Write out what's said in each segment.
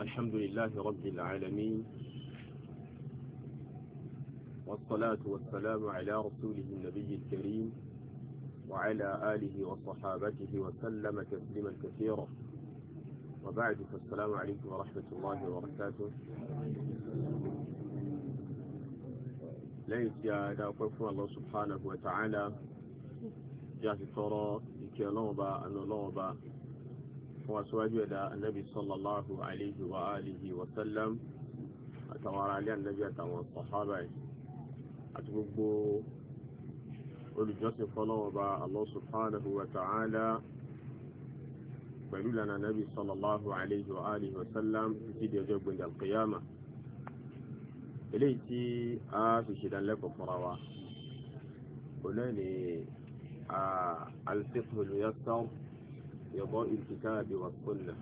الحمد لله رب العالمين والصلاة والسلام على رسوله النبي الكريم وعلى آله وصحابته وسلم تسليما كثيرا وبعد فالسلام عليكم ورحمة الله وبركاته ليس يا دعوكم الله سبحانه وتعالى جاهد ترى لكي نوبة أن نوبة fún aṣíwájú ẹ̀dá anábì sallallahu alayhi wa alihi wa sallam àtàwọn ará ilé anábì àtàwọn sàhábà ẹ̀ àti gbogbo olùjọ́sìn fọlọ́wọ́ bá Allah subhanahu wa ta'ala pẹ̀lú lànà anábì sallallahu alayhi wa alihi لضوء الكتاب والسنة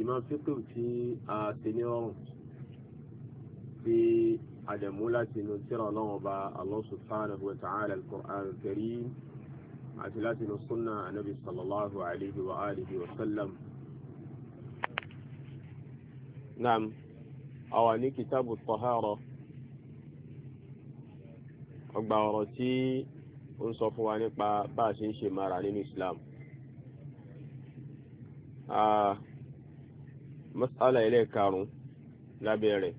ìmọ̀ fíkìl tí a ti ní ọrùn tí a lè mú láti inú tírà lọ́wọ́ bá Allah subhanahu wa ta'ala al-Qur'an al-Karim àti láti inú súnà anábi sallallahu alaihi wa alihi wa sallam naam a wà ní kitabu tahara ọgbà ọ̀rọ̀ tí ó ń sọ fún wa nípa bá a ṣe ń ṣe mara nínú Islam masala ẹlẹ́ẹ̀karùn-ún lábẹ́ rẹ̀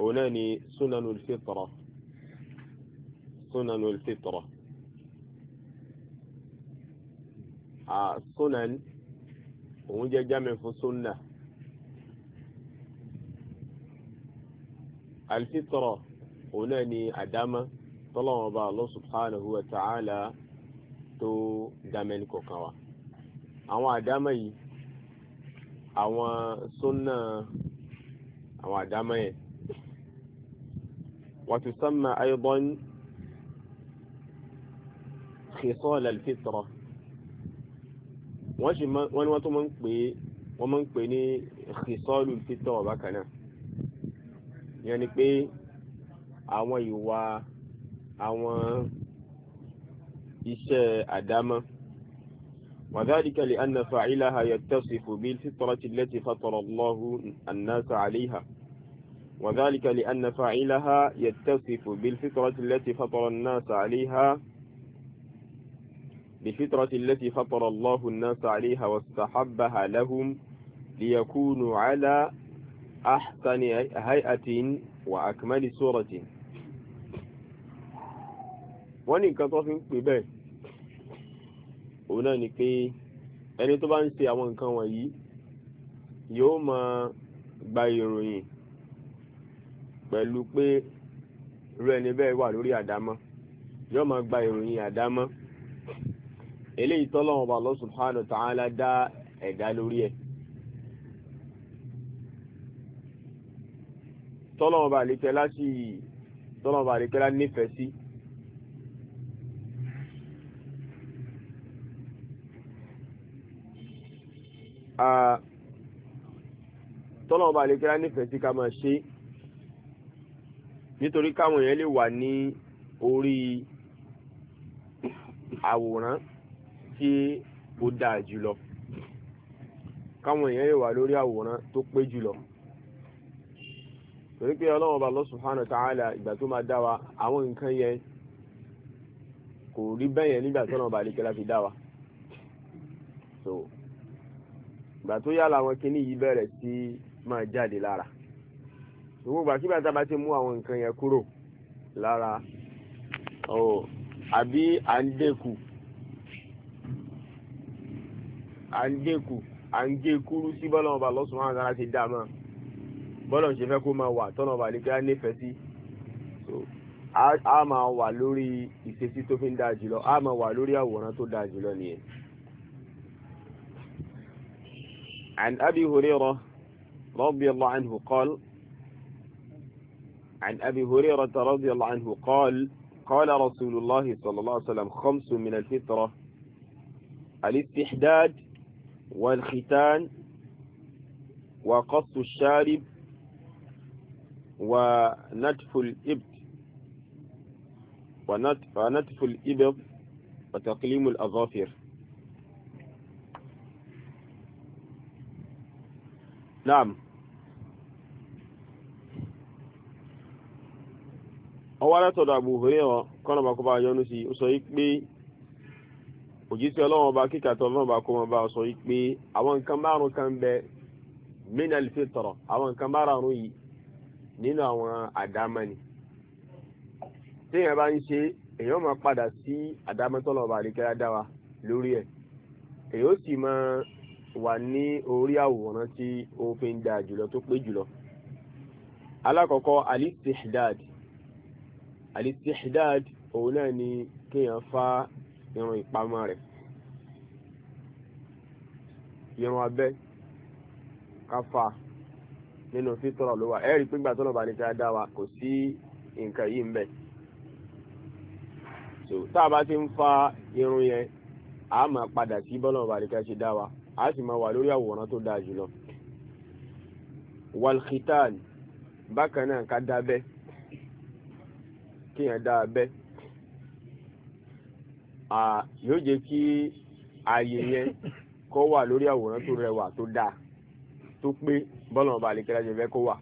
òun náà ni sunanul fitra sunanul fitra sunan òun jẹ́ jámẹ́ fún sunna alfitra òun náà ni àdámá tọ́lọ́wọ́n bá Allah subhanahu wa ta'ala tó dámẹ́ni kọ̀ọ̀kan wa àwọn àdámọ́ yìí àwọn súnà àwọn àdámọ́ yẹn wa tusamma aydan khisal al-fitra wọ́n sì wọ́n ni wọ́n tó máa ń pè ní khisal al-fitra yẹn ni pé àwọn ìwà. àwọn iṣẹ́ àdámọ́ وذلك لأن فاعلها يتصف بالفطرة التي فطر الله الناس عليها وذلك لأن فاعلها يتصف بالفطرة التي فطر الناس عليها بالفطرة التي فطر الله الناس عليها واستحبها لهم ليكونوا على أحسن هيئة وأكمل صورة wọ́n ní nǹkan tó fi ń pè bẹ́ẹ̀ òun náà ni pé ẹni tó bá ń ṣe àwọn nǹkan wọ̀nyí yóò máa gba ìròyìn pẹ̀lú pé irú ẹni bẹ́ẹ̀ wà lórí àdámọ́ yóò máa gba ìròyìn àdámọ́ eléyìí tọ́lọ́wọ́n bá Allah subhanahu wa ta'ala dá ẹ̀dá lórí ẹ̀ tọ́lọ́wọ́n bá àlékẹ́lá sí tọ́lọ́wọ́n bá àlékẹ́lá nífẹ̀ẹ́ sí. tọ́lọ̀ ọba àlekẹ́lá nífẹ̀ẹ́ sí ká máa ṣe nítorí káwọn èèyàn lè wà ní orí àwòrán tí ó dáa jùlọ káwọn èèyàn lè wà lórí àwòrán tó pé jùlọ torí pé ọlọ́run ọba Allah subhanahu ta'ala ìgbà tó máa dá wa àwọn nǹkan yẹn kò rí bẹ́yẹn nígbà tọ́lọ̀ ọba àlekẹ́lá fi dá wa ìgbà tó yá làwọn kinní yìí bẹ̀rẹ̀ sí máa jáde lára gbogbo ìgbà kígbà tá a bá ti mú àwọn nǹkan yẹn kúrò lára ọ àbí à ń dẹ́kù à ń dẹ́kù à ń gé kúrú sí bọ́lá ọba lọ́sùn máa dára ti dá máa bọ́lá ṣe kó máa wà tọ́nà ọba ní kí nífẹ̀ẹ́ sí a máa wà lórí ìṣesí tó fi ń dáa jùlọ a máa wà lórí àwòrán tó dáa jùlọ nìyẹn. عن أبي هريرة رضي الله عنه قال عن أبي هريرة رضي الله عنه قال قال رسول الله صلى الله عليه وسلم خمس من الفطرة الاستحداد والختان وقص الشارب ونتف الإبت ونتف الإبط وتقليم الأظافر naam ọwọ́ látọ̀dọ̀ Abu Hurairah kọ́nà bá kó bá yọnu sí ó sọ yí pé òjíṣẹ́ ọlọ́wọ́n bá kíkà tó ọlọ́wọ́n bá kó wọn bá sọ yí pé àwọn nǹkan márùn kan bẹ minal fitra àwọn nǹkan márùn yìí nínú àwọn àdámẹ́ni téèyàn bá ń ṣe èèyàn máa padà sí àdámẹ́tọ́lọ́wọ́ bá àdékẹ́lá dá wa wà ní orí àwòrán tí ó fi ń da jùlọ tó pé jùlọ alákọ̀ọ́kọ́ alistihdad alistihdad òun náà ni kéèyàn fá irun ìpamọ́ rẹ̀ irun abẹ́ káfà nínú fítọ́rọ̀ ló wà ẹ̀rí pígbà tó lọ́ba ní tí a dá wa kò sí nǹkan yìí ń bẹ so tá ti ń fa irun yẹn a máa padà sí bọ́lọ̀ ọba àdìkà ṣe dá a sì máa wà lórí àwòrán tó dáa jùlọ walkhitan bákan náà ká dábẹ́ kíyàn dá abẹ́ yóò jẹ́ kí ààyè yẹn kó wà lórí àwòrán tó rẹwà tó dáa tó pé bọ́lá ọba àlekẹ́lá jẹ́ fẹ́ kó wà.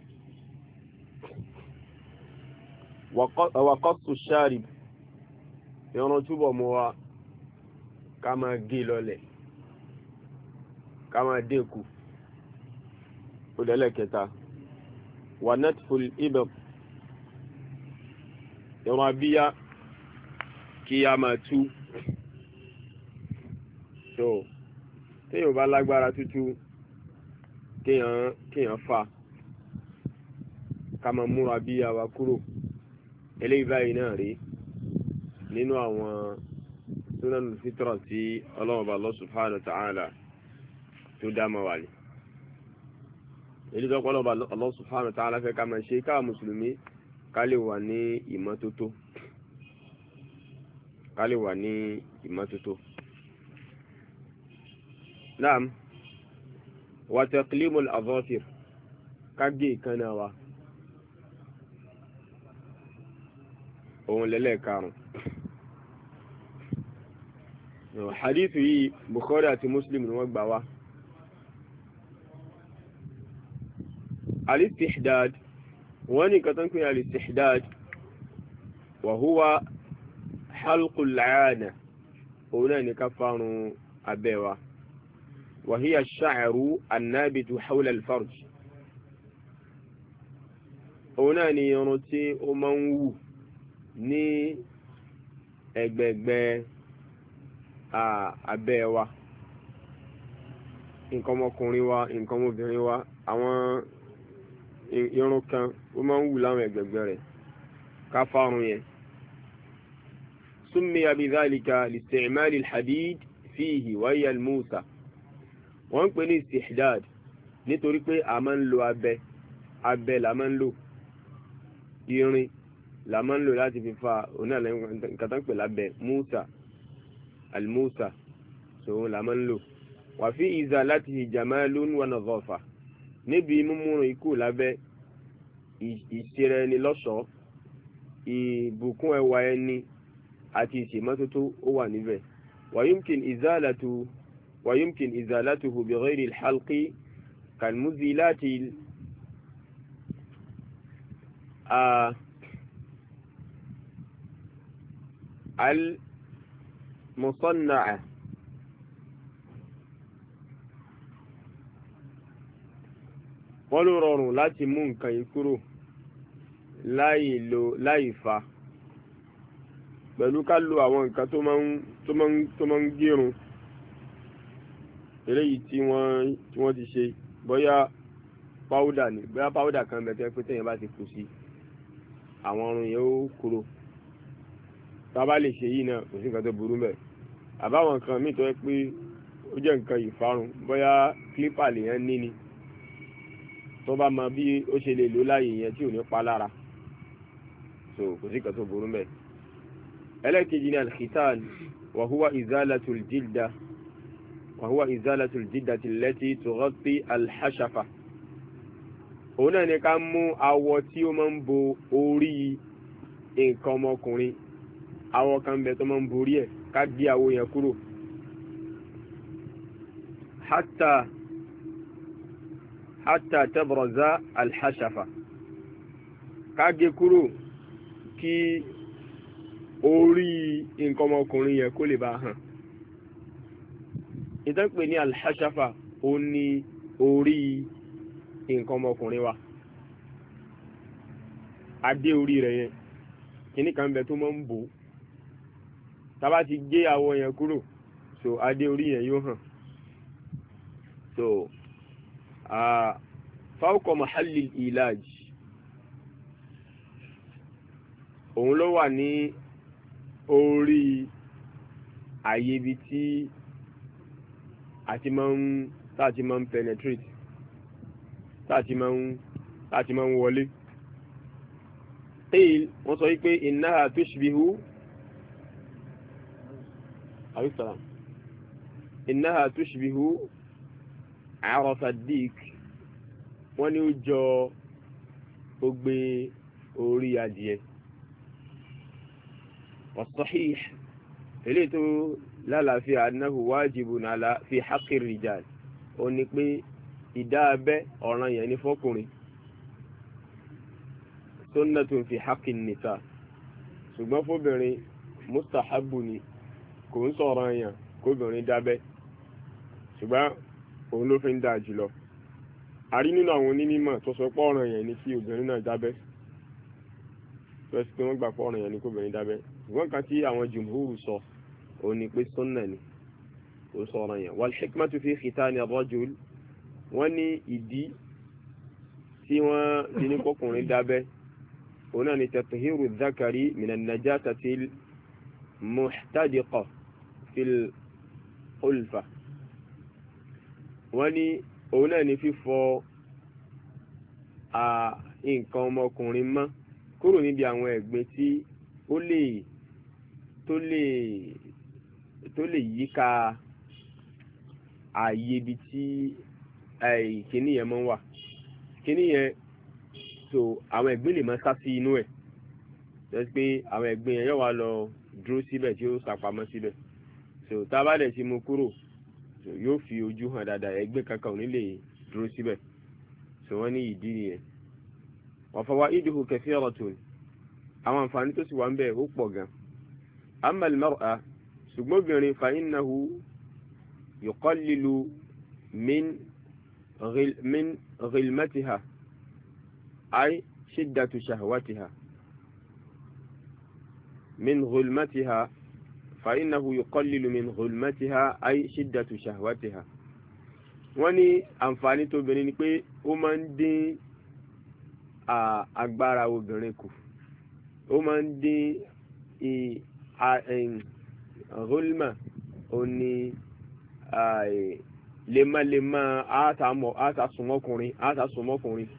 wàkọ́tù sáàrì ìrún mọ́ wa ká máa gé lọlẹ̀ ká máa dín kù ó lẹ́lẹ́kẹta wà netful ibẹ̀ ìran abíyá kí a máa tú so téèyàn bá lágbára tútú kéèyàn fa ká máa múra abíyá wa kúrò eléyìí báyìí náà rèé nínú àwọn súnánù fitra tí ọlọ́run bá lọ subhanahu wa ta'ala tó dá mọ́ wa ni èyí tó kọ́lọ́ Allah subhanahu wa ta'ala fẹ́ ká máa ṣe káà mùsùlùmí ká lè wà ní ìmọ́tótó ká lè wà ní ká gé ìkànnà wa òun lẹ́lẹ́ karùn hadithu yìí Bukhari àti Muslim ni wọ́n gbà wá. alistihdad wọ́n ní kàtán kí alistihdad wà húwa halkulana òun náà ni ká fárun abẹ́wa wà híyà ṣáàrù annabitu haula alfarj òun náà ni irun tí ó máa ń wù ní ẹgbẹ̀gbẹ̀ abẹ́wa nǹkan ọmọkùnrin wa nǹkan ọmọbìnrin wa àwọn irun kan ó máa ń wù láwọn ẹ̀gbẹ̀gbẹ̀ rẹ̀ ká fárun yẹn. سمي بذلك لاستعمال الحديد فيه وهي الموسى wọ́n pè ní istihdad nítorí pé a máa ń lo abẹ abẹ la máa ń lò irin la máa ń lò láti fi fa onílẹ̀ nǹkan tán pè lábẹ́ musa almusa so la máa ń lò wà fi izalatihi jamalun wa nadhafa níbi mímúrin ikú lábẹ́ ìṣera ẹni lọ́ṣọ̀ọ́ ìbùkún ẹwà ẹni àti ìṣèmọ́tótó ó wà níbẹ̀ wàyúmkìn ìzálàtù wàyúmkìn ìzálàtù bi ghayri al-musanna'a wọ́n ló rọrùn láti mú nǹkan yìí kúrò láì lo láì fa pẹ̀lú ká lo àwọn nǹkan tó máa ń gírun eléyìí tí wọ́n ti ṣe bóyá páwúdà ni bóyá páwúdà kan bẹ̀tẹ̀ pé tẹ̀yìn bá ti kù sí àwọn ọrùn yẹn ó kúrò tá a bá lè ṣe yìí náà kò sí nǹkan tó burú mẹ́ àbáwọn nǹkan míì pé ó jẹ́ nǹkan ìfarun bóyá clipper lèèyàn ní ni. Boya, tó bá mọ bí ó ṣe lè lò láàyè yẹn tí ò ní pa lára so kò sí kan tó burú mẹ́ ẹlẹ́kejì ní alkhitan wàhúwà izalatul jilda wàhúwà izalatul jilda tillati tughatti alhashafa òun náà ni ká mú awọ tí ó máa ń bo orí nǹkan ọmọkùnrin awọ kan bẹ tó máa ń borí ẹ̀ ká gbé awọ yẹn kúrò hatta hatta tabraza alhashafa kágé kúrò kí orí nǹkan ọmọkùnrin yẹn kó lè bá hàn ìtànpè ní alhashafa ó ní orí nǹkan ọmọkùnrin wa adé orí rẹ̀ yẹn kìíní kan bẹ tó máa ń bò tábà ti gé awọ yẹn kúrò so adé orí yẹn yóò hàn so fáwọkọ̀ mahalli ilaj òun ló wà ní orí àyè ibi tí àti máa ń táàtì máa ń penetrate táàtì máa ń táàtì máa ń wọlé tail wọ́n sọ wípé innaha tushbihu alayhi salam innaha tushbihu àròsà dick wọ́n ní ó jọ ogbe orí adìẹ as-sahih eléyìí tó lálàáfíà annahu wajibun ala fi haqqi rijal ó ní pé ìdá abẹ́ ọ̀ràn yẹn ní fọ́kùnrin sunnatun fi haqqi nisa ṣùgbọ́n fóbìnrin mustahabu ni kò ń sọ̀rọ̀ yẹn kóbìnrin dábẹ́ ṣùgbọ́n òun ló fi ń dáa jùlọ a rí nínú àwọn onímọ̀ tó sọ pé ọ̀ràn yẹn ni kí obìnrin náà dábẹ́ tó ẹsẹ̀ pé wọ́n gbà pé ọ̀ràn yẹn ni kí obìnrin dábẹ́ ṣùgbọ́n kan tí àwọn jùmùhúrù sọ òun ni pé sunna ni kò sọ ọ̀ràn yẹn wal hikmatu fi khitani ar-rajul wọ́n ní ìdí tí wọ́n ti ní kọkùnrin dábẹ́ òun náà ni tatahiru dhakari minan najasati muhtadiqa fil ulfa wọ́n ní òun náà ní fífọ nǹkan ọmọkùnrin mọ́ kúrò níbi àwọn ẹ̀gbin tí ó lè tó lè tó lè yíká ààyè ibi tí kìíní yẹn máa ń wà kìíní yẹn so àwọn ẹ̀gbin lè máa sá sí inú ẹ̀ lọ́sí pé àwọn ẹ̀gbin yẹn yóò wá lọ dúró síbẹ̀ tí ó sàpamọ́ síbẹ̀ so tá a bá kúrò yóò fi ojú hàn dáadáa ẹgbẹ́ kankan ò ní lè dúró síbẹ̀ so wọ́n ní ìdí nìyẹn wa fawaiduhu kathiratun àwọn àǹfààní tó sì wà ń bẹ̀ ó pọ̀ gan amma mara ṣùgbọ́n obìnrin fa innahu yuqallilu min min ghilmatiha ay shiddatu shahwatiha min ghilmatiha فإنه يقلل من ظلمتها أي شدة شهوتها wọ́n ní àǹfààní tóbìnrin ni pé ó máa ń dín agbára obìnrin kù ó máa ń dín rólmà ó ní lemọ́lemọ́ àtàsùnmọ́kùnrin àtàsùnmọ́kùnrin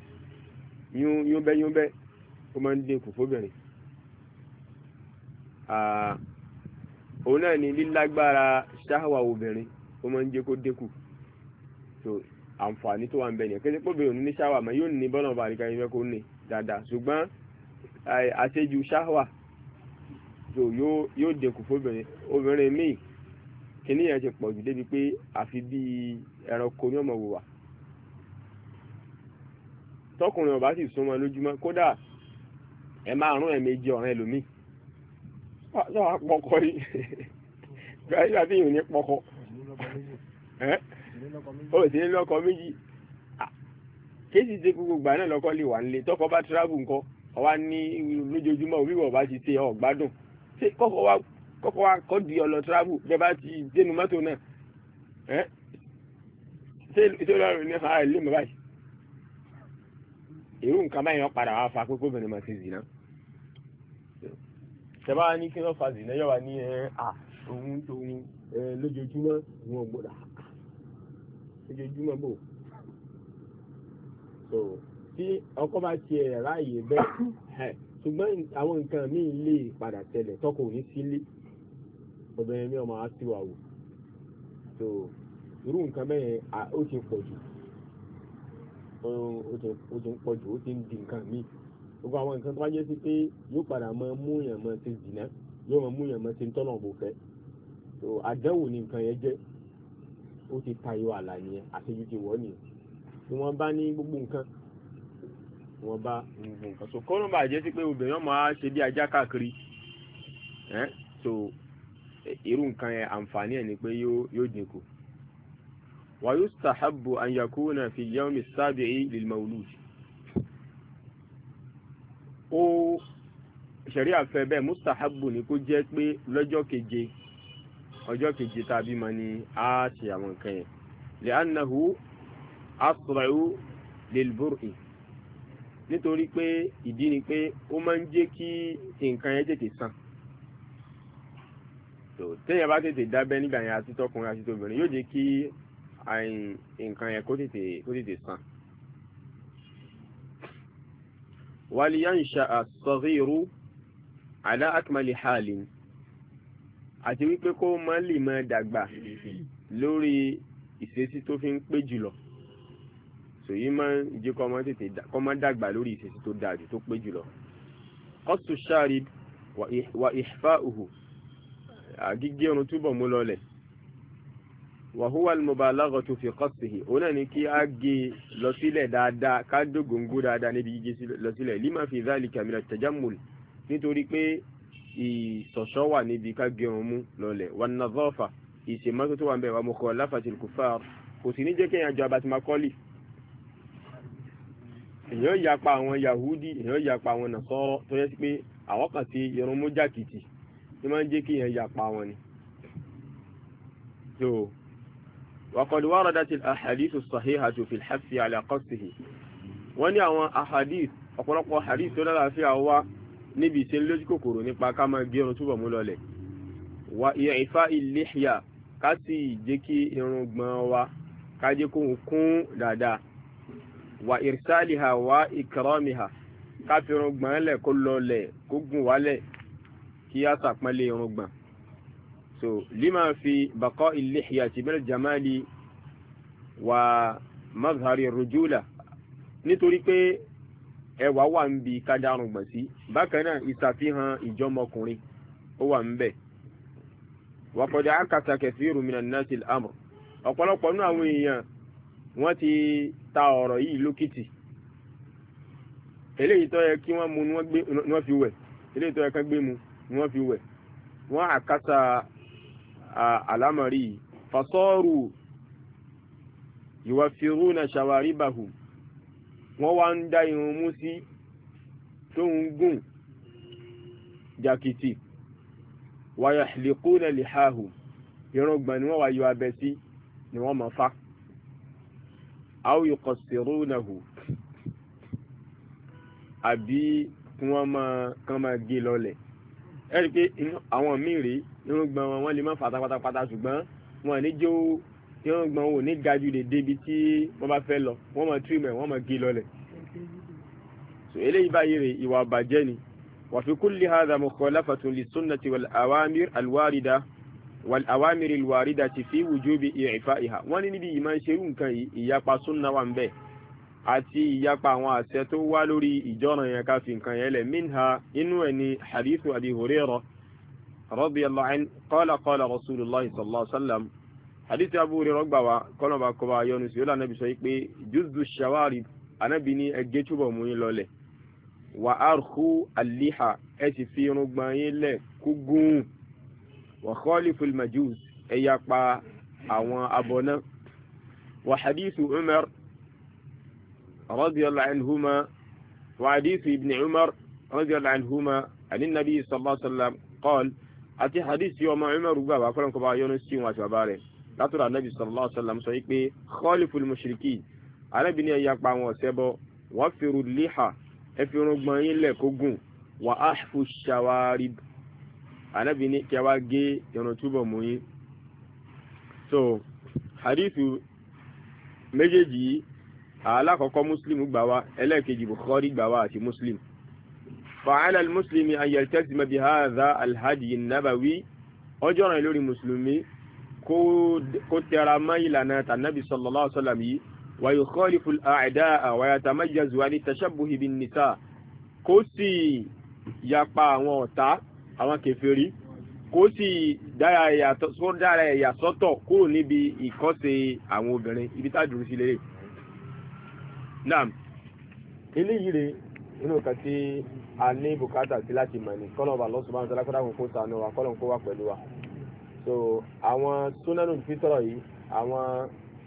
yúnbẹ́yúnbẹ́ ó máa ń dín kù fóbìnrin òun náà ni lílágbára ṣáhàwà obìnrin ó máa ń jẹ́ kó dínkù so àǹfààní tó wà ń bẹ nìyẹn kí pé obìnrin ní ṣáhàwà mọ́ yóò ní bọ́nà bá àríkà ìfẹ́ kó ní dáadáa ṣùgbọ́n àṣejù ṣáhàwà so yóò dínkù fóbìnrin obìnrin míì kìíní yẹn ti pọ̀jù débi pé àfi bíi ẹranko ní ọmọ wò wá tọkùnrin ọba sì súnmọ́ lójúmọ́ kódà ẹ máa rún ẹ̀ méjì ọ̀ràn ẹlòmíì Ah, náà ah, pọkọ yìí gbàyè àti ìrìn ní pọkọ ó sì méjì ah, kéèsì tí gbogbo gbà náà lọ́kọ lè wà nílé tọ́kọ bá tíráàbù nǹkan ọwá ní lójoojúmọ́ wíwọ̀ bá ti tẹ ọ̀gbádùn ṣé kọ́kọ́ wa kọ́ di ọ̀lọ́ tíráàbù bẹ́ẹ̀ bá ti dénú mọ́tò náà ṣé ìṣòro ní ara ìlú mi báyìí irú nǹkan báyìí wọ́n padà wá fa pé kóbìnrin máa ti tẹ́bá ní kí ló fa zìnà yọ̀ ní ẹ̀ à òun tóun ẹ̀ lójoojúmọ́ wọn gbọ́dọ̀ lójoojúmọ́ bò so tí ọkọ bá tiẹ̀ ráàyè bẹ́ẹ̀ ṣùgbọ́n àwọn nǹkan míì lè padà tẹ̀lẹ̀ tọkọ òní sílé obìnrin ní ọmọ àtiwà wò so irú nǹkan bẹ́ẹ̀ ó ti pọ̀ jù ó ti ń pọ̀ jù ó ti ń di nǹkan míì gbogbo àwọn nǹkan tó bá jẹ́ sí pé yóò padà mọ múyàn mọ ti zìnà yóò mọ múyàn mọ ti ń tọ́nà bò fẹ́ so àdánwò ni nǹkan yẹn jẹ́ ó ti tayọ àlà nìyẹn àṣejù ti wọ̀ nìyẹn tí wọ́n bá ní gbogbo nǹkan wọ́n bá gbogbo nǹkan so kọ́nà bá jẹ́ sí pé obìnrin ọmọ á ṣe bí ajá káàkiri ẹ́ so irú nǹkan yẹn àǹfààní ẹ̀ ni pé yóò dínkù wàyó sàhábù an yakuna fi yawmi sábẹ̀ lil mawlud ó ṣẹ̀rí àfẹ́ bẹ́ẹ̀ mustahabu ni kó jẹ́ pé lọ́jọ́ keje ọjọ́ keje tá a bímọ ni a ṣe àwọn nǹkan yẹn li'annahu asra'u lilbur'i nítorí pé ìdí ni pé ó máa ń jẹ́ kí nǹkan yẹn tètè sàn téèyàn bá tètè dábẹ́ nígbà yẹn àti tọkùnrin àti tobìnrin yóò jẹ́ kí nǹkan yẹn kó tètè sàn. wàlíyànṣà àsọ̀rírú aláàkìmọ̀lì hàlín àti wípé kó má lè máa dàgbà lórí ìṣesí tó fi ń pé jùlọ sòyí máa ń jẹ́ kọ́ máa tètè kọ́ máa dàgbà lórí ìṣesí tó dáa tó pé jùlọ kọ́sù ṣáàrí wà ìfá òhù àgígé irun túbọ̀ mú lọlẹ̀ wàhúwà mubalaghatu fi qasihi òun náà ni kí a gé lọ sílẹ̀ dáadáa ká dógóńgó dáadáa níbi gígé lọ sílẹ̀ lima fi dhalika min at-tajammul nítorí pé ìsọ̀sọ́ wà níbi ká gé òun mú lọlẹ̀ wan nadhafa ìṣèmọ́tótó wà ń bẹ̀ wà mukhalafatil kuffar kò sì ní jẹ́ kéèyàn jọ abatimakọ́lì èèyàn yapa àwọn yahudi èèyàn yapa àwọn nàṣọ́rọ́ tó yẹ pé àwọn kan وقد وردت الأحاديث الصحيحة في الحث على قصده wọ́n ní àwọn ahadith ọ̀pọ̀lọpọ̀ ahadith tó lálàáfíà wá níbi ìṣe lójú kòkòrò nípa ká máa gbé irun túbọ̀ mú lọlẹ̀ wa ìyẹ̀fà ìléhìá ká sì jẹ́ kí irun gbọ̀n wa ká jẹ́ kó kún dáadáa wa ìrìsàlìhà wa ìkàrọ́mìhà ká fi irun gbọ̀n lẹ̀ kó lọlẹ̀ kó gùn wálẹ̀ kí á sàpọ́nlé irun gbọ̀n so lima fi baqa al-lihyati min al-jamali wa mazhari ar-rujula nítorí pé ẹwà wà ń bi kádàrún gbọ̀n sí bákan náà ìṣàfihàn ìjọmọkùnrin ó wà ń bẹ̀ wa qad akasa kathiru min an-nasi al-amr ọ̀pọ̀lọpọ̀ nínú àwọn èèyàn wọ́n ti ta ọ̀rọ̀ yìí lókìtì eléyìí tó yẹ kí wọ́n mu ni wọ́n fi wẹ̀ eléyìí tó yẹ kán gbé mu ni wọ́n fi wẹ̀ wọ́n àkásà àlámọ̀rí fasọ́ọ̀rù yuwaffiruna shawaribahum wọ́n wá ń dá irun mú sí tó ń gùn jàkìtì wa yahliquna lihahum irùngbọ̀n ni wọ́n wá yọ abẹ́ sí ni wọ́n máa fá aw yuqassirunahu àbí kí wọ́n máa kán máa gé lọ́lẹ̀ ẹ̀rí pé àwọn míì irùngbọ̀n wọn wọ́n lè má fà pátápátá ṣùgbọ́n wọn ní jó irùngbọ̀n wọn ò ní ga ju dédé ibi tí wọ́n bá fẹ́ lọ wọ́n máa tú ìmọ̀ wọ́n máa gé lọlẹ̀. so eléyìí báyìí rè ìwà ọ̀bàjẹ́ ni wa fi kulli hadha mukhalafatun lis-sunnati wal awamir al-warida wal awamir al-waridati fi wujubi i'fa'iha wọ́n ní níbi ìmọ̀ ṣerú nǹkan yìí ìyapa sunna wà ń bẹ́ẹ̀ àti ìyapa àwọn àṣẹ tó wá lórí ìjọ́ràn yẹn ká fi nǹkan yẹn lẹ̀ minha inú ẹ̀ ni hadithu Abi رضي الله عنه قال قال رسول الله صلى الله عليه وسلم حديث أبو هريرة قال با يونس يولا النبي صلى الله عليه وسلم جزء الشوارب أنا بني أجيتوبا موني لولي وأرخو الليحة أتي في رغباني لك كوغون وخالف المجوز أيقبا أبونا وحديث عمر رضي الله عنهما وحديث ابن عمر رضي الله عنهما عن النبي صلى الله عليه وسلم قال àti hadith ọmọ Umaru gbà wá kọ́lọ́n kọ́ bá yọnu sí wọn àti bàbá rẹ̀ látọ̀rọ̀ anábì sallallahu alaihi wasallam sọ pé khaliful mushriki anábì ní ẹ̀yà pa àwọn ọ̀sẹ́ bọ́ wọ́n fi rú líhà ẹ fi rún gbọ́n yín lẹ̀ kó gùn wà á fò ṣàwárí anábì ní kí a wá gé irun túbọ̀ mú yín. so hadith méjèèjì alákọ̀ọ́kọ́ muslim gbà wá ẹlẹ́ẹ̀kejì bukhari gbà wá àti muslim فعلى المسلم أن يلتزم بهذا الهدي النبوي أجرى لوري مسلمي كتر ميلنا النبي صلى الله عليه وسلم ويخالف الأعداء ويتميز عن التشبه بالنساء kó sì yapa àwọn كفري، àwọn kèfèrí kó sì dára ẹ̀yà sọ́tọ̀ kúrò níbi ìkọ́ṣe àwọn obìnrin ibi tá dùrú sí lérè. Naam, eléyìí nínú nǹkan tí a ní bùkátà sí láti mọ̀ ní kọ́nà ọba lọ́sùn bá ń sọlá sànù wa kọ́nà kó wà pẹ̀lú wa so àwọn súnánù fítọ̀rọ̀ yìí àwọn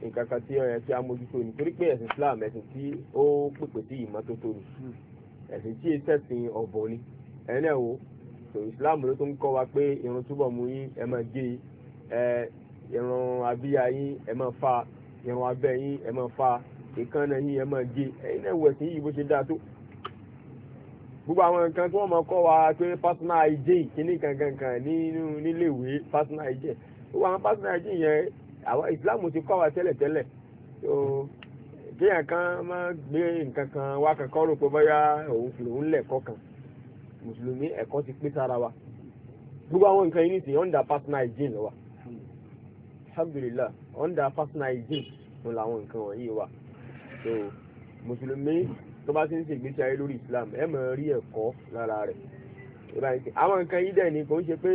nǹkan kan tí ó yẹ kí a mójútó ni torí pé ẹ̀sìn Islam ẹ̀sìn tí ó pèpè sí ìmọ́tótó ni ẹ̀sìn tí ìṣẹ̀sìn ọ̀bọ̀ ni ẹ̀rín ẹ̀ so Islam ló tó ń kọ́ wa pé irun túbọ̀ mú yín ẹ máa gé irun abíyá yín ẹ máa fa irun abẹ́ yín ẹ máa fa ìkànnà yín ẹ máa gé ẹ̀yin náà wẹ̀sìn yìí bó ṣe dáa tó gbogbo àwọn nǹkan tí wọ́n mọ̀ kọ́ wa pé personal hygiene kìíní kankankan nínú níléèwé personal hygiene gbogbo àwọn personal hygiene yẹn àwọn ìsìláàmù ti kọ́ wa tẹ́lẹ̀tẹ́lẹ̀ so kéèyàn kan máa gbé nǹkan kan wá kankan rò pé bóyá òun fi òun lẹ̀kọ́ kan mùsùlùmí ẹ̀kọ́ ti pé sára wa gbogbo àwọn nǹkan yìí nìsín under personal hygiene lọ wa alhamdulillah under personal hygiene ló làwọn nǹkan wọ̀nyí wa so mùsùlùmí tó bá ti ń ṣègbésí ayé lórí Islam ẹ mọ̀ rí ẹ̀kọ́ lára rẹ̀ àwọn nǹkan yìí dẹ̀ ni kò ń ṣe pé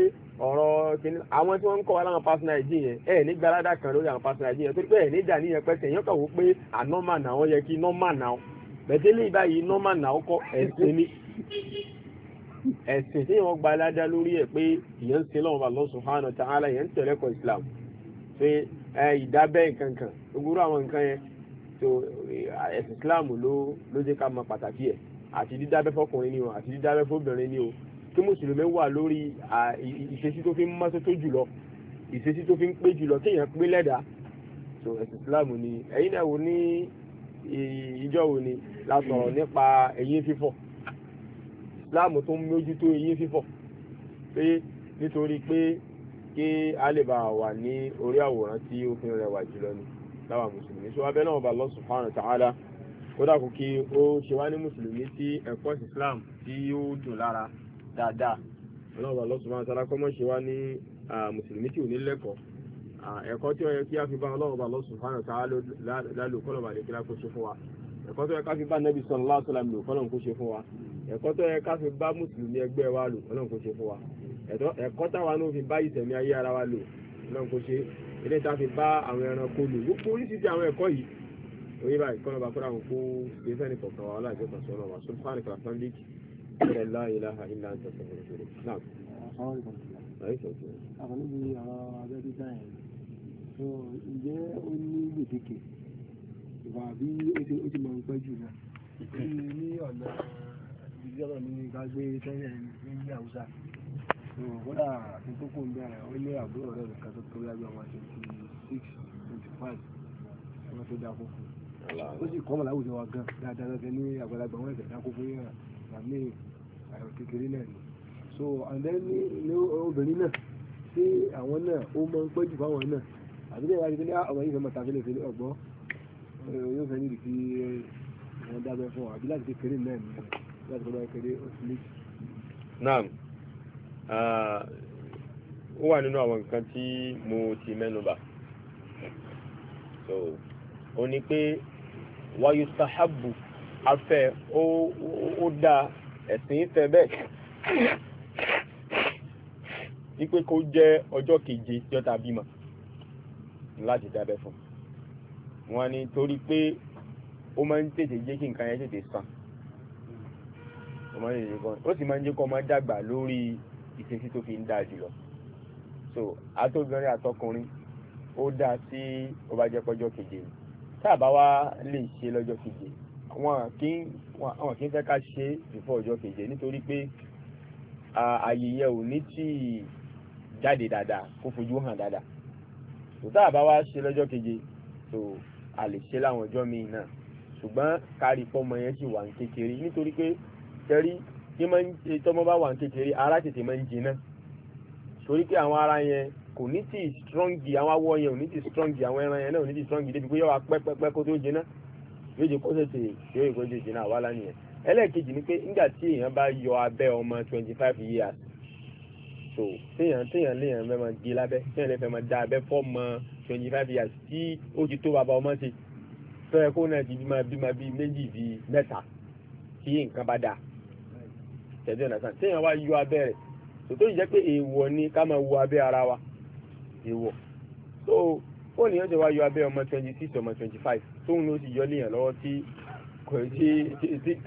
ọ̀rọ̀ kìíní àwọn tí wọ́n ń kọ́ aláwọn personal hygiene yẹn ẹ̀ ní gbalada kan lórí àwọn personal hygiene yẹn torí pé ẹ̀ ní ìdà níyẹn pẹ́sẹ̀ yẹn kàn wó pé ànọ́mà náà yẹ kí nọ́mà náà bẹ̀tẹ́ lè báyìí nọ́mà náà kọ́ ẹ̀sìn ni ẹ̀sìn tí wọ́n gba aládá lórí ẹ̀ pé ìyẹn ń sin lọ́wọ́ bá Allah subhanahu wa ta'ala ìyẹn ń tẹ̀lẹ́kọ̀ọ́ Islam ṣe ìdábẹ́ nǹkan kan gbogbo àwọn nǹkan yẹn so ẹ̀sìn islam ló ló jẹ́ ká mọ pàtàkì ẹ̀ àti dídábẹ́ fọkùnrin ni o àti dídábẹ́ fóbìnrin ni o kí mùsùlùmí wà lórí ìṣesí tó fi ń mọ́tótó jùlọ ìṣesí tó fi ń pé jùlọ kéèyàn pé lẹ́dàá so ẹ̀sìn islam ni ẹ̀yin náà wò ní ìjọ wò ni la sọ̀rọ̀ nípa ẹ̀yìn fífọ̀ islam tó ń mójútó ẹ̀yìn fífọ̀ pé nítorí pé kí a lè bá wà ní orí àwòrán tí ó fi rẹwà jùlọ ni láwa mùsùlùmí ṣé wàá bẹ́ẹ̀ náà bá Allah subhanahu wa ta'ala ó dàkú kí ó ṣe wá ní mùsùlùmí tí ẹ̀kọ́ Islam tí ó dùn lára dáadáa ọlọ́run bá Allah subhanahu wa ta'ala kọ́ mọ́ ṣe wá ní mùsùlùmí tí ò ní lẹ́kọ̀ọ́ ẹ̀kọ́ tí ó yẹ kí a fi bá ọlọ́run bá Allah subhanahu wa ta'ala lálò kọ́lọ̀ bá lè kíra kó ṣe fún wa ẹ̀kọ́ tó yẹ ká fi bá nẹ́bí sallallahu alaihi wasallam lò kọ́lọ̀ kó ṣe fún wa ẹ̀kọ́ tó yẹ ká fi bá mùsùlùmí ẹgbẹ́ wa lò kọ́lọ̀ kó ṣe fún wa ẹ̀kọ́ táwa náà fi bá ìtẹ̀mí ayé ara wa lò kọ́lọ̀ kó ṣe ilé tá a fi bá àwọn ẹranko lò gbogbo oríṣiríṣi àwọn ẹ̀kọ́ yìí oye báyìí kọ́nà bá kọ́nà àkókò gbèsè ní kọ̀ọ̀kan wa aláìsí kan sọ́nà wa sọ́nà fáànì kan fáànì líkì ilẹ̀ ńlá ilá ń tẹ̀sán fún ìṣòro náà. àwọn níbi ní gbèdéke ìwà bí ní ọ̀nà kódà kí tó kó ń bẹ̀rẹ̀ ó lé àbúrò rẹ̀ nìkan tó tó yájú ọmọ twenty six twenty five ọmọ tó dáko fún ó sì kọ́mọ̀ láwùjọ wa gan dáadáa lọ́sẹ̀ ní àgbàlagbà wọn ẹ̀sẹ̀ dáko fún yàrá àmì àyọ̀ kékeré náà ni so and then ní obìnrin náà sí àwọn náà ó máa ń pẹ́jù fáwọn náà àbí lẹ́yìn wájú pé ní ah, ọmọ yìí fẹ́ máa tàbí lè fi ọgbọ́n yóò fẹ́ nídìí kí eh, wọ́n dábẹ́ fún wa àbí láti kékeré náà ni láti kọ́ bá kékeré ó ti lé ó wà nínú àwọn nǹkan tí mo ti mẹ́nubà so ó ní pé wáyú sahabu afẹ́ ó dá ẹ̀sìn ìfẹ́ bẹ́ẹ̀ wípé kó jẹ́ ọjọ́ keje jọ́ta bímọ láti dábẹ́ fún wọn ni torí pé ó máa ń tètè jẹ́ kí nǹkan yẹn tètè sàn ó sì máa ń jẹ́ kó máa dàgbà lórí ìṣesí tó fi ń dáa jùlọ so àtòbìnrin àtọkùnrin ó dáa sí ó bá jẹ́ pọ́jọ́ keje ni tá a bá wá lè ṣe lọ́jọ́ keje wọn kì í wọn kì í fẹ́ ká ṣe before ọjọ́ keje nítorí pé ààyè yẹn ò ní tí ì jáde dáadáa kó fojú hàn dáadáa so tá a bá wá ṣe lọ́jọ́ keje so a lè ṣe láwọn ọjọ́ míì náà ṣùgbọ́n kárí fọmọ yẹn sì wà ní kékeré nítorí pé tẹ́rí tọ́mọ bá wà kékeré ara tètè máa ń jiná torí pé àwọn ara yẹn kò ní ti strongi àwọn awọ yẹn ò ní ti strongi àwọn ẹran yẹn náà ò ní ti strongi débi pé yọ wá pẹ́pẹ́pẹ́ kó tó jiná yóò jẹ kó tètè yóò kó tètè jiná àwa lánìyẹn ẹlẹ́ẹ̀kejì ni pé nígbà tí èèyàn bá yọ abẹ́ ọmọ twenty five years so téèyàn téèyàn léèyàn fẹ́ máa di lábẹ́ téèyàn lè fẹ́ máa da abẹ́ fọ́ twenty five years tí ó ti tó bàbá ọmọ ṣe fẹ́ kó náà ti bí máa bí máa bí méjì bí mẹ́ta tí nǹkan bá dáa tẹ̀sí ọ̀nà sàn téèyàn wá yọ abẹ́ rẹ̀ tòtó ìjẹ́ pé èèwọ̀ ni ká máa wo abẹ́ ara wa èèwọ̀ so ó ní ọjọ́ wá yọ abẹ́ ọmọ twenty six ọmọ twenty five tóun ló ti yọ léèyàn lọ́wọ́ tí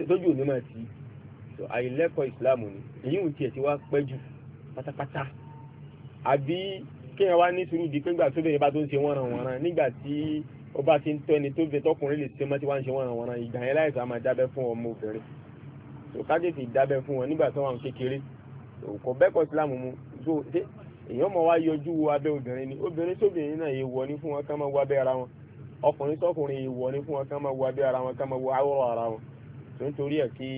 tójú òní máa ti so àìlẹ́kọ̀ọ́ ìsìláàmù ni èyí ò tiẹ̀ ti wá pẹ́ jù pátápátá àbí kéèyàn wá ní sùúrù di pé nígbà tó bẹ̀rẹ̀ bá tó ń ṣe wọ́n ràn wọ́n ràn nígbà tí ó bá ti ń tọ́ ẹni tó bẹ tọkùnrin lè ṣe mọ́ tí wọ́n ń ṣe wọ́n ràn wọ́n ràn ìgbà yẹn láìsàn á máa dábẹ́ fún ọmọ obìnrin tó kájèsì dábẹ́ fún wọn nígbà tó wà ń kékeré òkò bẹ́kọ̀ sílámù mu so ṣé èèyàn mọ̀ wá yọjú wo abẹ́ obìnrin ni obìnrin sóbìnrin náà yẹ wọ ní fún wọn ká máa wọ abẹ́ ara wọn ọkùnrin sọkùnrin yẹ wọ ní fún wọn ká máa wọ abẹ́ ara wọn ká máa wọ awọ́rọ̀ ara wọn tó ń torí ẹ̀ kí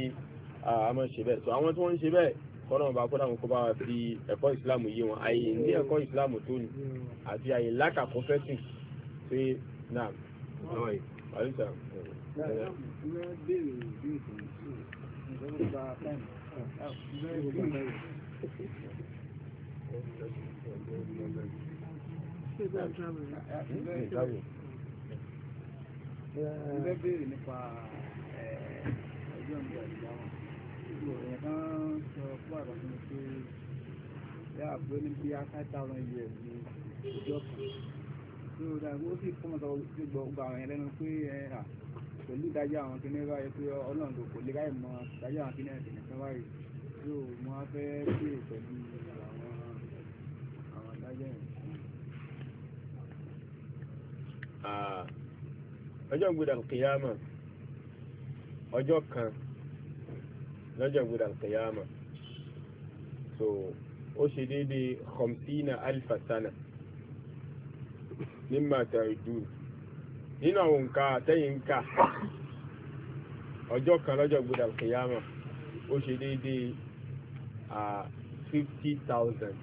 a máa ṣe bẹ́ẹ̀ so àwọn tí wọ́n ń ṣe bẹ́ẹ̀ kọ́nà bá kọ́nà kó bá wa fi ẹ̀kọ́ ìsìlámù yé wọn àyè ní ẹ̀kọ́ ìsìlámù tó ní àti àyè lákàkọ́ fẹ́sìn pé náà ọ̀rọ̀ yìí Ìgbẹ́ béèrè nípa ẹjọ́ ìgbà ìgbàwọ̀n. Ìgbò ẹ̀yẹ̀ kan sọ fún àbáfún pé yá àbúrò ní bí á 5,000 years ní ìjọ kan. Tí ó dá, ó sì fún ọ̀sọ̀ gbogbo àwọn ẹ̀lẹ́nu pé pẹ̀lú ìdájọ́ àwọn kìíní báyìí pé ọlọ́run kò lè ráì mọ ìdájọ́ àwọn kìíní ẹ̀sìn nìkan báyìí yóò mọ afẹ́ pè pẹ̀lú àwọn àwọn ìdájọ́ yẹn. ọjọ́ ìgbòdà kìyàmà ọjọ́ kan lọ́jọ́ ìgbòdà kìyàmà so ó ṣe déédéé khamsina alfa sana nígbà tá a dùn nínú àwọn nǹkan àtẹ́yìn ká ọjọ́ kan lọ́jọ́ gbọdọ̀ kìyàmà ó ṣe déédéé fifty thousand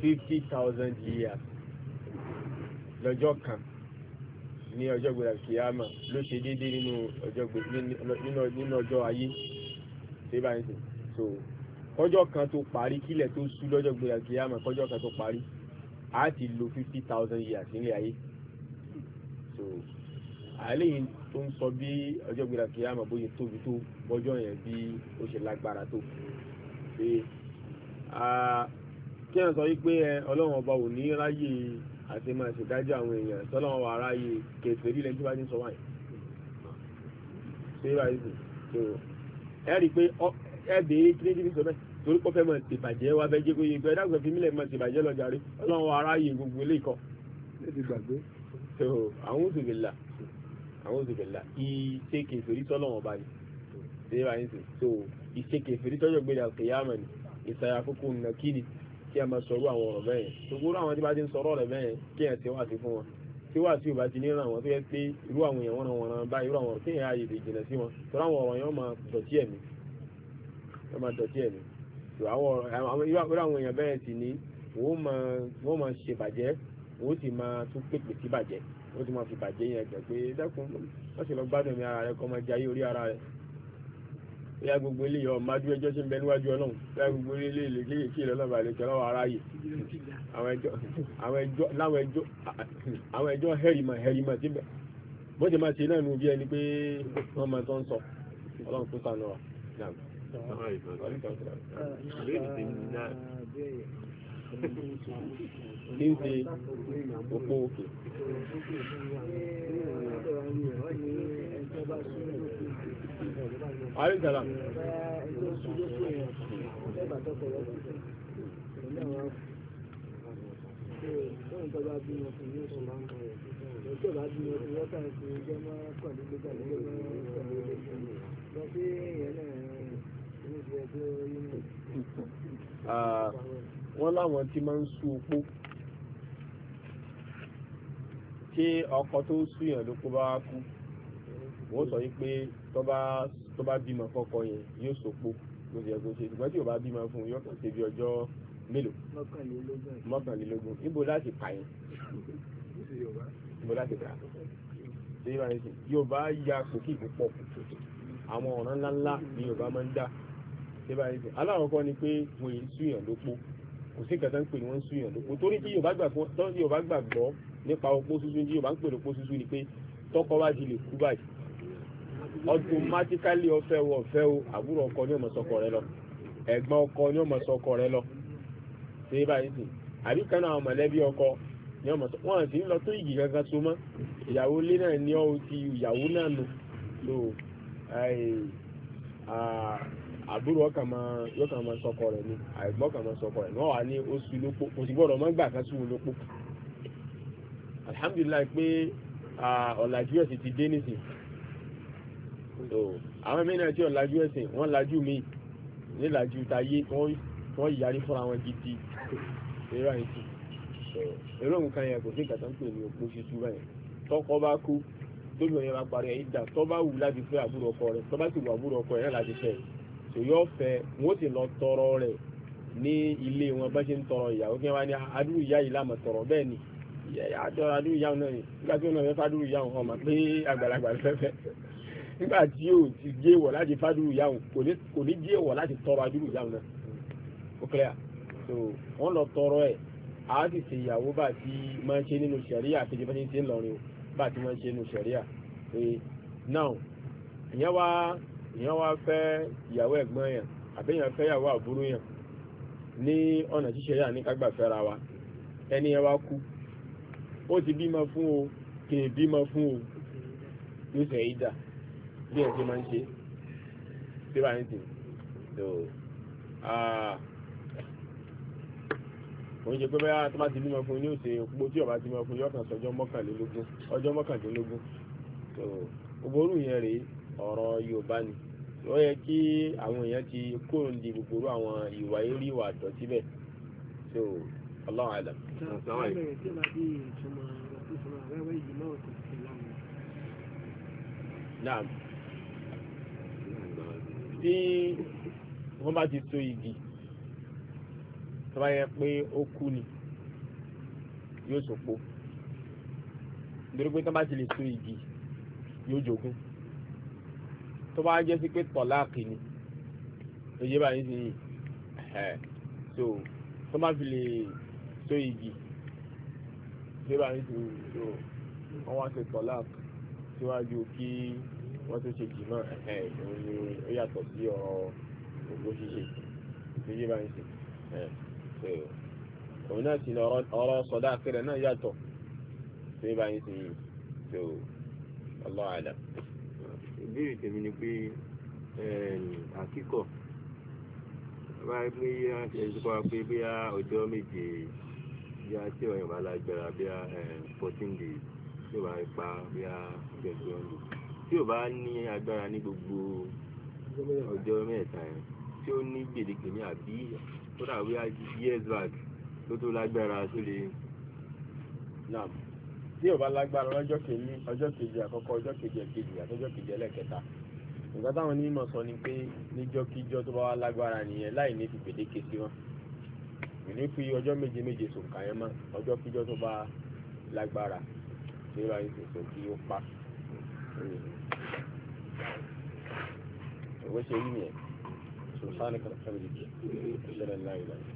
fifty thousand years lọ́jọ́ kan ní ọjọ́ gbọdọ̀ kìyàmà ló ṣe déédéé nínú ọjọ́ nínú ọjọ́ ayé ṣé báyìí sè so kọjọ́ kan tó parí kílẹ̀ tó sú lọ́jọ́ gbọdọ̀ kìyàmà kọjọ́ kan tó parí a ti lò fifty thousand years nílé ayé so àlẹ́yìn tó ń sọ bí ọjọ́ gbéra kí á mọ̀ bóyá tóbi tó bọ́jọ́ yẹn bí ó ṣe lágbára tó pé kí ẹ̀ sọ wípé ọlọ́run ọba ò ní ráyè àti máa ṣèdájọ́ àwọn èèyàn sọlọ́run wà ráyè kẹfẹ́rí lẹ́yìn tí wọ́n ti ń sọ wáyé ṣé báyìí sì so ẹ rí i pé ẹ béèrè kí ní ti sọ bẹ́ẹ̀ torí kọ́ fẹ́ mọ̀ tìbàjẹ́ wa fẹ́ jẹ́ kó yẹ pé ẹ dàgbẹ́ fi mílẹ̀ mọ̀ tìbàjẹ́ lọ́jà rí ọlọ́run wà ráyè gbogbo ilé ìkọ́ àwọn òṣèlélà àwọn òṣèlélà ìṣe kèfèrí tọ́lọ́wọ́n bá ní ṣe bá ní sìn so ìṣe kèfèrí tọ́jọ́ gbéra kìyàmọ̀ ní ìsàyà àkókò nà kí ni kí a máa sọ̀rọ̀ àwọn ọ̀rọ̀ bẹ́ẹ̀ tó gbúrú àwọn tí bá ti ń sọ̀rọ̀ rẹ̀ bẹ́ẹ̀ kí ẹ̀ tiwá sí fún wọn tiwá sí ò bá ti ní ràn wọ́n tó yẹ pé irú àwọn èèyàn wọn ràn bá irú àwọn ọ̀rọ̀ kéèyàn ayè lè jìnà sí wọn tọ́lá àwọn ọ̀rọ̀ yẹn máa dọ̀tí ẹ̀mí yẹn máa dọ̀tí ẹ̀mí irú àwọn èèyàn bẹ́ẹ̀ sì ni wọ́n máa ṣèbàjẹ́ ó sì máa tún pèpè sí bàjẹ́ ó sì máa fi bàjẹ́ yẹn kẹ̀ pé dẹ́kun wọ́n sì lọ gbádùn mi ara rẹ̀ kọ́ máa jayé orí ara rẹ̀ bóyá gbogbo ilé yọ máa dúró ẹjọ́ sí ń bẹ níwájú ọlọ́run bóyá gbogbo ilé ilé kéèké kí ìlọ́lọ́ balẹ̀ kẹ́ lọ́wọ́ aráyè àwọn ẹjọ́ láwọn ẹjọ́ àwọn ẹjọ́ hẹ́rìmọ̀ hẹ́rìmọ̀ síbẹ̀ bó ti máa ṣe náà nù bí ẹni pé wọ́n máa tán sọ ọlọ́run tó sànù wa kí òpó òkè. àrí ìjàlá. Uh, wọ́n láwọn tí máa ń sú opó tí ọkọ tó súyàn ló kó bá kú wọ́n sọ wípé tó bá bímọ fọ́kọ yẹn yóò sopó ló ti ẹ̀kọ́ ṣe ṣùgbọ́n tí ò bá bímọ fún un yóò kàn ṣe bí ọjọ́ mélòó mọ́kànlélógún níbo láti pa yẹn níbo láti pa yóò bá ya kòkì púpọ̀ àwọn ọ̀ràn ńláńlá ni yóò bá máa ń dá aláwọ̀ kọ́ ni pé wọ́n yìí súyàn lópó kò sí nǹkan tó ń pè ní wọ́n ń súyàn lóko torí tí Yorùbá gbàgbọ́ tó ń Yorùbá gbàgbọ́ nípa opó súsú tí Yorùbá ń pè lóko súsú ni pé tọkọ wá di lè kú báyìí automatically ọfẹ wo ọfẹ o àbúrò ọkọ ní ọmọ sọkọ rẹ lọ ẹ̀gbọ́n ọkọ ní ọmọ sọkọ rẹ lọ ṣe é báyìí sì àbí kan náà mọ̀lẹ́bí ọkọ ní ọmọ sọkọ wọn sì ń lọ tó ìgì gangan so mọ́ ìyàwó ilé náà ní ọ ti ìyàwó náà nù lò àbúrò ọkàn máa yọkàn máa sọkọ rẹ̀ ni àìgbọ́n kàn máa sọkọ rẹ̀ náà wà ní oṣù lópo kò sì gbọ́dọ̀ máa gbà kan sí olópo alhamdulilayi pé ọ̀làjú ẹ̀sìn ti dé nísìn àwọn mìíràn tí ọ̀làjú ẹ̀sìn wọ́n làjú mi nílàjú tayé wọ́n yarí fúnra wọn gidi èrò àìsí èrò nǹkan yẹn kò sí nǹkan tó ń pè ní òpó ṣíṣú báyìí tọkọ bá kú tóbi ọ̀yẹ́ bá parí ẹ̀ ìdá tọ́ bá wù láti fẹ́ àbúrò ọkọ rẹ̀ tọ́ bá sì wù àbúrò ọkọ rẹ̀ láti fẹ́ ẹ̀ sòyọ́ fẹ́ wọ́n ti lọ tọrọ rẹ̀ ní ilé wọn bá ṣe ń tọrọ ìyàwó kí wọ́n ní ah, adúrú ìyá yìí lámọ̀ tọrọ bẹ́ẹ̀ ni àjọ adúrú ìyá náà nígbà tí ó náà fẹ́ fádúrú ìyá wọn mà pé àgbàlagbà fẹ́fẹ́ nígbà tí ó ti jẹ́ ìwọ̀ láti fádúrú ìyá wọn kò ní jẹ́ ìwọ̀ láti tọrọ adúrú ìyá wọn náà ó clear so wọ́n lọ tọrọ ẹ̀ a ti ṣe ìyàwó bá ti máa ń ṣe nínú sẹ̀ríà àti ìjọba ti ń ṣe ń lọrin o bá ti máa ń ṣe nínú sẹ̀ríà pé now ìyẹn wá èèyàn wá fẹ́ ìyàwó ẹ̀gbọ́n yẹn àbẹ́yàn fẹ́ ìyàwó àbúrò yẹn ní ọ̀nà ṣíṣe yà ní kágbà fẹ́ra wa ẹni yẹn wá kú ó ti bímọ fún o kì í bímọ fún o yóò sẹ̀ yí dà bí ẹ̀ ṣe máa ń ṣe ṣé bá ń sìn so ah, òun ṣe pé bẹ́ẹ̀ tó bá ti bímọ fún yóò ṣe òpó tí ọba ti bímọ fún yóò kàn sọ ọjọ́ mọ́kànlélógún ọjọ́ mọ́kàndínlógún so ògbórú yẹn rèé ọ̀rọ̀ Yorùbá ni ó yẹ kí àwọn èèyàn ti kúrò ní gbogbo àwọn ìwà eré ìwà àdọ̀tí bẹ́ẹ̀ so Allahu alam. naam tí wọ́n bá ti so igi tó bá yẹ pé ó kú ni yóò sòpó nítorí pé tó bá ti lè so igi yóò jogún tó bá jẹ́ sí pé tọ̀láàkì ni tó yé báyìí sí yìí so tó má fi lè so igi tó yé báyìí sí so wọ́n wá ṣe tọ̀láàkì síwájú kí wọ́n tó ṣe jì náà òun ni ó yàtọ̀ sí ọ̀rọ̀ ògbó ṣíṣe tó yé báyìí sí so òun náà sì ni ọ̀rọ̀ sọ̀dá àkẹrẹ náà yàtọ̀ tó yé báyìí sí so. Allahu a'lam. ìbéèrè tèmi ni pé àkíkọ̀ bá gbé ẹni kọ́ pé bí a ọjọ́ méje bí a tí ọ̀yàn bá lágbára bí a fourteen days tí ò bá pa bí a twenty one days tí ò bá ní agbára ní gbogbo ọjọ́ mẹ́ta yẹn tí ó ní gbèdéke ní àbí kódà bí a years back ló tó lágbára tó lè tí ò bá lágbára lọ́jọ́ kejì ọjọ́ kejì àkọ́kọ́ ọjọ́ kejì ẹ̀kejì àtọ́jọ́ kejì ẹlẹ́kẹta nǹkan táwọn onímọ̀ sọ ni pé níjọ́kíjọ́ tó bá wá lágbára nìyẹn láì ní fi gbèdéke sí wọn kò ní fi ọjọ́ méje méje sòǹkà yẹn mọ́ ọjọ́ kíjọ́ tó bá lágbára tí ó bá yẹ sòsò kí ó pa òwe ṣe rí nìyẹn sòsánì kan fẹ́mi dìde ìṣẹ̀lẹ̀ ńlá ìlànà.